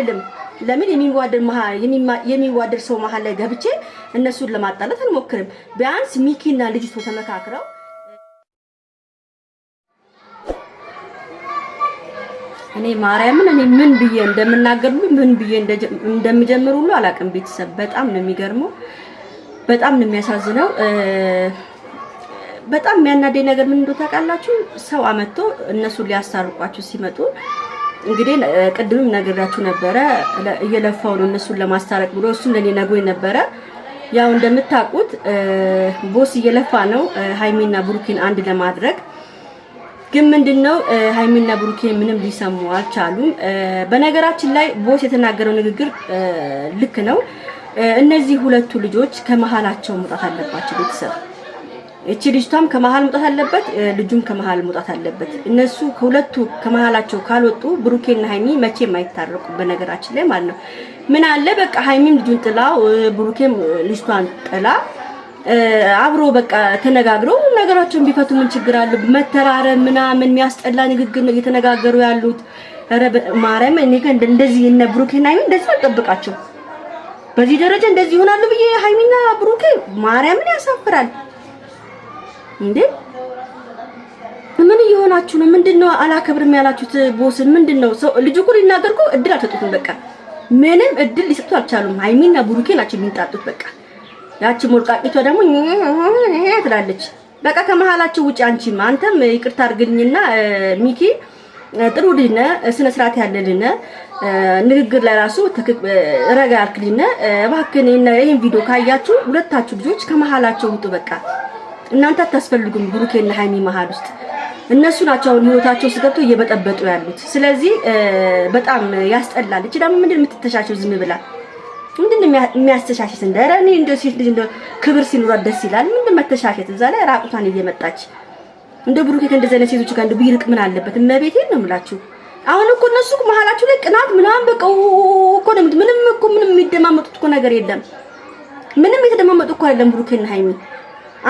አይደለም። ለምን የሚዋደድ የሚዋደድ ሰው መሀል ላይ ገብቼ እነሱን ለማጣላት አልሞክርም። ቢያንስ ሚኪና ልጅቶ ተመካክረው እኔ ማርያምን እኔ ምን ብዬ እንደምናገር ሁሉ ምን ብዬ እንደምጀምር ሁሉ አላውቅም። ቤተሰብ በጣም ነው የሚገርመው፣ በጣም ነው የሚያሳዝነው። በጣም የሚያናደኝ ነገር ምን እንደው ታውቃላችሁ፣ ሰው አመጥቶ እነሱን ሊያስታርቋቸው ሲመጡ እንግዲህ ቅድምም ነግራችሁ ነበረ እየለፋው ነው እነሱን ለማስታረቅ ብሎ እሱ ለኔ ነግሮኝ ነበረ። ያው እንደምታውቁት ቦስ እየለፋ ነው ሃይሚና ብሩኬን አንድ ለማድረግ ግን ምንድነው ሃይሚና ብሩኬ ምንም ሊሰሙ አልቻሉም። በነገራችን ላይ ቦስ የተናገረው ንግግር ልክ ነው። እነዚህ ሁለቱ ልጆች ከመሀላቸው መውጣት አለባቸው ቤተሰብ እቺ ልጅቷም ከመሀል መውጣት አለበት፣ ልጁም ከመሀል መውጣት አለበት። እነሱ ከሁለቱ ከመሀላቸው ካልወጡ ብሩኬና ሀይሚ መቼም አይታረቁ። በነገራችን ላይ ማለት ነው ምን አለ በቃ ሀይሚም ልጁን ጥላ፣ ብሩኬም ልጅቷን ጥላ አብሮ በቃ ተነጋግረው ነገራቸውን ቢፈቱ ምን ችግር አለ መተራረብ ምናምን የሚያስጠላ ንግግር ነው እየተነጋገሩ ያሉት። ማርያም እኔ ግን እንደዚህ እነ ብሩኬና ሀይሚ እንደዚህ አልጠብቃቸው። በዚህ ደረጃ እንደዚህ ይሆናሉ ብዬ ሀይሚና ብሩኬ ማርያምን ያሳፍራል። እንዴ ምን እየሆናችሁ ነው? ምንድነው አላከብርም ያላችሁት? ቦስን ምንድነው? ሰው ልጅ እኮ ሊናገር እኮ እድል አልሰጡትም። በቃ ምንም እድል ሊሰጡት አልቻሉም። ሀይሚና ቡሩኬ ናቸው የሚንጣጡት። በቃ ያቺ ሞልቃቂቷ ደግሞ ትላለች። በቃ ከመሀላቸው ውጪ አንቺም አንተም ይቅርታ አድርግልኝና ሚኪ ጥሩ ልነ ስነ ስርዓት ያለልነ ንግግር ላይ ራሱ ረጋ ያልክ ልነ እባክህን ይሄን ቪዲዮ ካያችሁ ሁለታችሁ ልጆች ከመሀላቸው ውጡ በቃ እናንተ አታስፈልጉም ብሩኬና ሀይሚ መሀል ውስጥ እነሱ ናቸው አሁን ህይወታቸው ውስጥ ገብተው እየበጠበጡ ያሉት። ስለዚህ በጣም ያስጠላል። እቺ ደግሞ ምንድን የምትተሻቸው ዝም ብላ ምንድን የሚያስተሻሸት እንደ ኧረ እኔ እንደው ሴት ልጅ እንደ ክብር ሲኖራት ደስ ይላል። ምንድን መተሻሸት? እዛ ላይ ራቁቷን እየመጣች እንደ ብሩኬ ከእንደዚህ አይነት ሴቶች ጋር እንደ ቢርቅ ምን አለበት? እመቤቴን ነው የምላችሁ። አሁን እኮ እነሱ መሀላችሁ ላይ ቅናት ምናምን በቃ እኮ ነው ምንም እኮ ምንም የሚደማመጡት እኮ ነገር የለም። ምንም የተደማመጡ እኮ አይደለም ብሩኬና ሀይሚ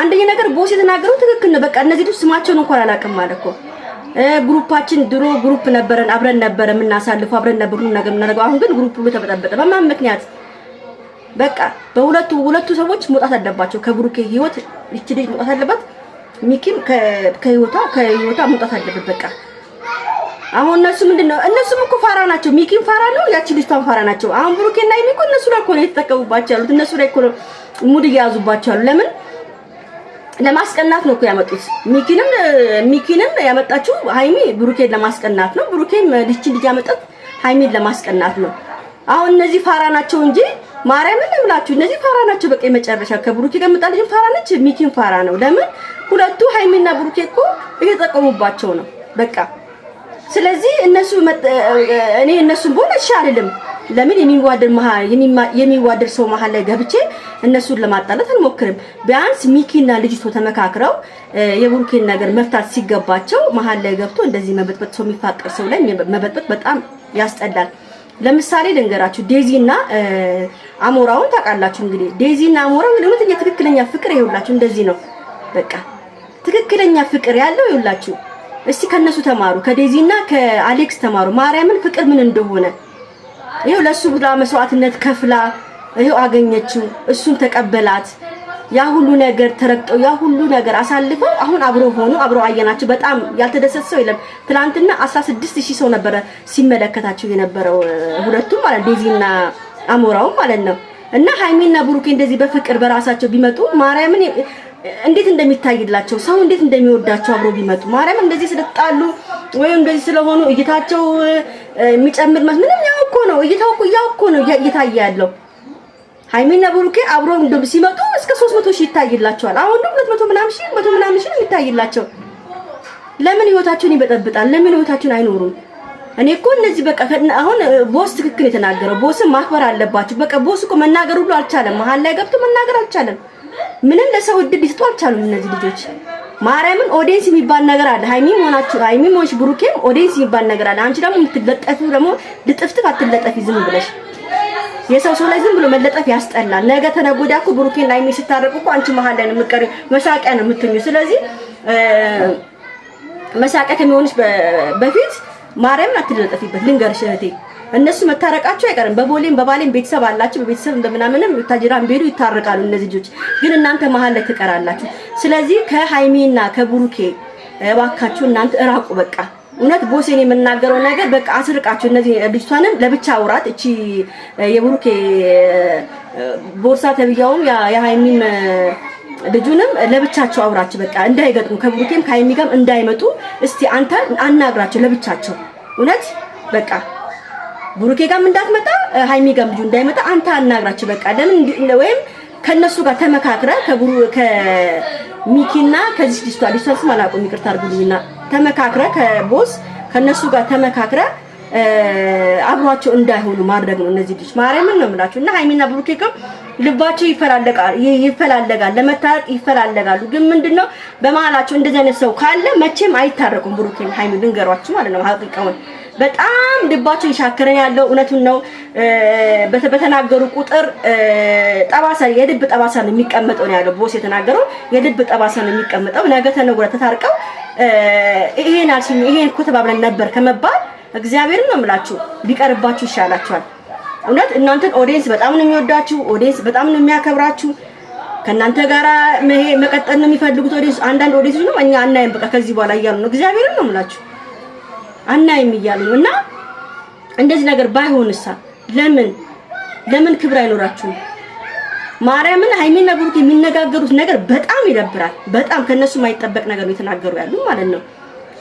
አንደኛ ነገር ቦስ የተናገረው ትክክል ነው። በቃ እነዚህ ልጅ ስማቸውን እንኳን አላውቅም አለ እኮ ግሩፓችን ድሮ ግሩፕ ነበረን፣ አብረን ነበረ የምናሳልፈው፣ አብረን ነበር ሁሉ ነገር የምናደርገው። አሁን ግን ግሩፕ ሁሉ ተበጠበጠ። በማን ምክንያት? በቃ በሁለቱ ሁለቱ ሰዎች መውጣት አለባቸው ከብሩክ ህይወት። እቺ ልጅ መውጣት አለባት፣ ሚኪም ከህይወቷ ከህይወቷ መውጣት አለበት። በቃ አሁን እነሱ ምንድነው? እነሱም እኮ ፋራ ናቸው። ሚኪም ፋራ ነው፣ ያቺ ልጅቷን ፋራ ናቸው። አሁን ብሩኬና ይሚኮ እነሱ ላይ እኮ ነው የተጠቀሙባቸው ያሉት። እነሱ ላይ እኮ ሙድ እየያዙባቸው ያሉ ለምን ለማስቀናት ነው እኮ ያመጡት። ሚኪንም ሚኪንም ያመጣችው ሀይሚ ብሩኬን ለማስቀናት ነው። ብሩኬም ልጅ ልጅ ያመጣት ሀይሚን ለማስቀናት ነው። አሁን እነዚህ ፋራ ናቸው እንጂ ማርያምን እምላችሁ እነዚህ ፋራ ናቸው። በቃ የመጨረሻ ከብሩኬ ጋር መጣ ልጅም ፋራ ነች፣ ሚኪን ፋራ ነው። ለምን ሁለቱ ሀይሚና ብሩኬ እኮ እየጠቀሙባቸው ነው በቃ ስለዚህ እነሱ እኔ እነሱን በሆነ እሺ አይደለም። ለምን የሚዋደድ መሀል የሚዋደድ ሰው መሀል ላይ ገብቼ እነሱን ለማጣላት አልሞክርም። ቢያንስ ሚኪና ልጅቶ ተመካክረው የብሩኬን ነገር መፍታት ሲገባቸው መሀል ላይ ገብቶ እንደዚህ መበጥበጥ፣ ሰው የሚፋቀር ሰው ላይ መበጥበጥ በጣም ያስጠላል። ለምሳሌ ልንገራችሁ፣ ዴዚና አሞራውን ታውቃላችሁ። እንግዲህ ዴዚና አሞራው እውነተኛ ትክክለኛ ፍቅር ይኸውላችሁ እንደዚህ ነው። በቃ ትክክለኛ ፍቅር ያለው ይኸውላችሁ። እስቲ ከነሱ ተማሩ፣ ከዴዚና ከአሌክስ ተማሩ ማርያምን ፍቅር ምን እንደሆነ ይኸው ለሱ ብላ መስዋዕትነት ከፍላ ይኸው አገኘችው፣ እሱን ተቀበላት። ያ ሁሉ ነገር ተረግጠው ያ ሁሉ ነገር አሳልፈው አሁን አብረው ሆኑ፣ አብረው አየናቸው። በጣም ያልተደሰተ ሰው የለም። ትናንትና 16000 ሰው ነበረ ሲመለከታቸው የነበረው ሁለቱም ማለት ዴዚና አሞራው ማለት ነው። እና ሃይሚና ብሩኬ እንደዚህ በፍቅር በራሳቸው ቢመጡ ማርያምን እንዴት እንደሚታይላቸው ሰው እንዴት እንደሚወዳቸው አብረው ቢመጡ ማርያም እንደዚህ ስለጣሉ ወይም እንደዚህ ስለሆኑ እይታቸው የሚጨምር ምንም ያው እኮ ነው እይታው እኮ ያው እኮ ነው እየታየ ያለው ሀይሚና ብሩኬ አብሮ እንደም ሲመጡ እስከ 300 ሺህ ይታይላቸዋል። አሁን ደግሞ 200 ምናምን ሺህ 100 ምናምን ሺህ የሚታይላቸው ለምን ህይወታቸውን ይበጠብጣል? ለምን ህይወታቸውን አይኖሩም? እኔ እኮ እነዚህ በቃ አሁን ቦስ ትክክል የተናገረው ቦስን ማክበር አለባቸው። በቃ ቦስ እኮ መናገር ሁሉ አልቻለም። መሀል ላይ ገብቶ መናገር አልቻለም። ምንም ለሰው እድል ሊሰጡ አልቻሉም እነዚህ ልጆች። ማርያምን ኦዲንስ የሚባል ነገር አለ። ሀይሚ ሆናችሁ ሀይሚ ሆንሽ ብሩኬም ኦዲንስ የሚባል ነገር አለ። አንቺ ደግሞ የምትለጠፊው ደግሞ ልጥፍጥፍ አትለጠፊ ዝም ብለሽ የሰው ሰው ላይ ዝም ብሎ መለጠፍ ያስጠላል። ነገ ተነጎዳኩ እኮ ብሩኬን ላይ ሲታረቁ እኮ አንቺ መሀል ላይ ነው የምትቀሪው፣ መሳቂያ ነው የምትኙ። ስለዚህ መሳቂያ ከሚሆንሽ በፊት ማርያምን አትለጠፊበት። ልንገርሽ እህቴ እነሱ መታረቃቸው አይቀርም። በቦሌም በባሌም ቤተሰብ አላቸው። በቤተሰብ እንደምናምንም ታጅራን ቤሉ ይታረቃሉ። እነዚህ ልጆች ግን እናንተ መሀል ላይ ትቀራላችሁ። ስለዚህ ከሃይሚና ከቡሩኬ እባካችሁ እናንተ እራቁ በቃ እውነት ቦሴን የምናገረው ነገር በቃ አስርቃችሁ እነዚህ ልጅቷንም ለብቻ አውራት። እቺ የብሩኬ ቦርሳ ተብያውም የሀይሚም ልጁንም ለብቻቸው አውራችሁ በቃ እንዳይገጥሙ ከብሩኬም ከሀይሚ ጋርም እንዳይመጡ እስቲ አንተ አናግራቸው ለብቻቸው። እውነት በቃ ብሩኬ ጋርም እንዳትመጣ ሀይሚ ጋርም ልጁ እንዳይመጣ አንተ አናግራቸው በቃ። ለምን ወይም ከነሱ ጋር ተመካክረ ከሚኪና ከዚህ ልጅቷ ልጅቷን ስም አላውቅም፣ ይቅርታ አድርጉልኝና ተመካክረ ከቦስ ከነሱ ጋር ተመካክረ አብሯቸው እንዳይሆኑ ማድረግ ነው። እነዚህ ልጅ ማርያምን ነው የምላችሁ። እና ሃይሚና ብሩኬ ልባቸው ይፈላለጋል ይፈላለጋል ለመታረቅ ይፈላለጋሉ። ግን ምንድነው በመሀላቸው እንደዚህ አይነት ሰው ካለ መቼም አይታረቁም። ብሩኬም ሃይሚ ልንገሯችሁ ማለት ነው ሀቂቃውን በጣም ልባቸው ይሻክረን ያለው እውነቱን ነው። በተናገሩ ቁጥር ጠባሳ የልብ ጠባሳ ነው የሚቀመጠው ነው ያለው ቦስ የተናገረው የልብ ጠባሳ ነው የሚቀመጠው። ነገ ተነገ ወዲያ ተታርቀው ይሄን አልሽኝ ይሄን እኮ ተባብለን ነበር ከመባል እግዚአብሔርን ነው የምላችሁ ቢቀርባችሁ ይሻላችኋል። እውነት እናንተን ኦዲየንስ በጣም ነው የሚወዳችሁ፣ ኦዲየንስ በጣም ነው የሚያከብራችሁ። ከእናንተ መሄ መቀጠል ነው የሚፈልጉት ኦዲየንስ። አንዳንድ ኦዲየንስ ነው እኛ አናይም በቃ ከዚህ በኋላ እያሉ ነው። እግዚአብሔርን ነው የምላችሁ አናይም እያሉ ነው። እና እንደዚህ ነገር ባይሆንሳ ለምን ለምን ክብር አይኖራችሁም? ማርያምን ሀይሚና ብሩክ የሚነጋገሩት ነገር በጣም ይደብራል። በጣም ከነሱ የማይጠበቅ ነገር ነው የተናገሩ ያሉ ማለት ነው።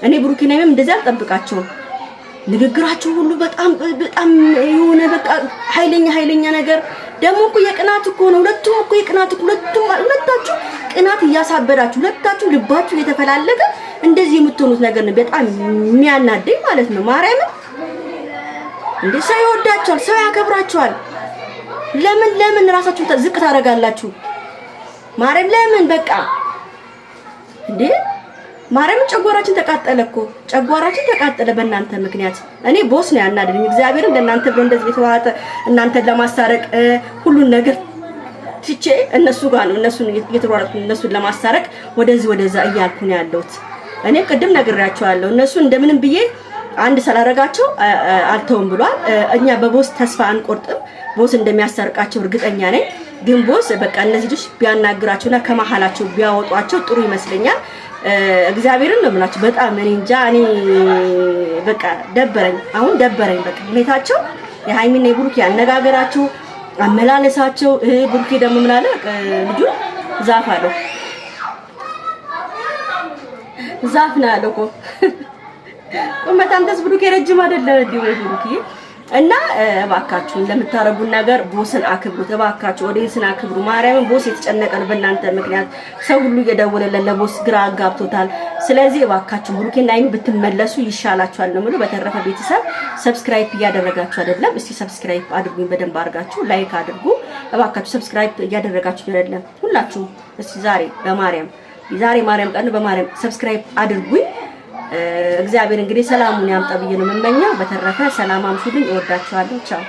እኔ ብሩክና ነኝም እንደዚህ አልጠብቃቸውም። ንግግራቸው ሁሉ በጣም በጣም የሆነ በቃ ኃይለኛ ኃይለኛ ነገር ደግሞ እኮ የቅናት እኮ ነው። ሁለቱም እኮ የቅናት ሁለቱም ሁለታችሁ ቅናት እያሳበዳችሁ ሁለታችሁ ልባችሁ እየተፈላለገ እንደዚህ የምትሆኑት ነገር ነው። በጣም የሚያናደኝ ማለት ነው። ማርያምን እንደ ሰው ይወዳቸዋል፣ ሰው ያከብራቸዋል። ለምን ለምን ራሳችሁን ዝቅ ታደርጋላችሁ? ማርያም ለምን በቃ እንዴ ማርያም ጨጓራችን ተቃጠለ እኮ ጨጓራችን ተቃጠለ በእናንተ ምክንያት። እኔ ቦስ ነው ያናደደኝ። እግዚአብሔርን ለእናንተ ብሎ እንደዚህ የተዋጠ እናንተን ለማሳረቅ ሁሉን ነገር ትቼ እነሱ ጋር ነው እነሱን እየተሯሯጥኩ እነሱን ለማሳረቅ ወደዚህ ወደዛ እያልኩ ነው ያለሁት። እኔ ቅድም ነግሬያቸዋለሁ እነሱ እንደምንም ብዬ አንድ ስላደረጋቸው አልተውም ብሏል። እኛ በቦስ ተስፋ አንቆርጥም። ቦስ እንደሚያሰርቃቸው እርግጠኛ ነኝ። ግን ቦስ በቃ እነዚህ ልጆች ቢያናግራቸውና ከመሀላቸው ቢያወጧቸው ጥሩ ይመስለኛል። እግዚአብሔርን ነው የምላቸው። በጣም እኔ እንጃ እኔ በቃ ደበረኝ፣ አሁን ደበረኝ። በቃ ሁኔታቸው የሀይሚና የብሩኬ ያነጋገራቸው፣ አመላለሳቸው። ብሩኬ ደግሞ ምን አለ ልጁ ዛፍ አለው ዛፍ ነው ያለው እኮ ቁመት አንተስ ብሩኬ ረጅም አይደለ እንዴ? ወይ ብሩኬ እና እባካችሁን ለምታረጉ ነገር ቦስን አክብሩት። እባካችሁ ኦዲየንስን አክብሩ። ማርያምን ቦስ የተጨነቀ ነው በእናንተ ምክንያት ሰው ሁሉ እየደወለለን ለቦስ ግራ አጋብቶታል። ስለዚህ እባካችሁ ብሩኬና ሀይሚ ብትመለሱ ይሻላችኋል ነው የምለው። በተረፈ ቤተሰብ ሰብስክራይብ እያደረጋችሁ አይደለም። እስቲ ሰብስክራይብ አድርጉኝ፣ በደንብ አድርጋችሁ ላይክ አድርጉ። እባካችሁ ሰብስክራይብ እያደረጋችሁ አይደለም ሁላችሁ። እስቲ ዛሬ በማርያም ዛሬ ማርያም ቀን በማርያም ሰብስክራይብ አድርጉኝ። እግዚአብሔር እንግዲህ ሰላሙን ያምጣ ብዬ ነው የምመኘው። በተረፈ ሰላም አምሹልኝ። እወዳችኋለሁ። ቻው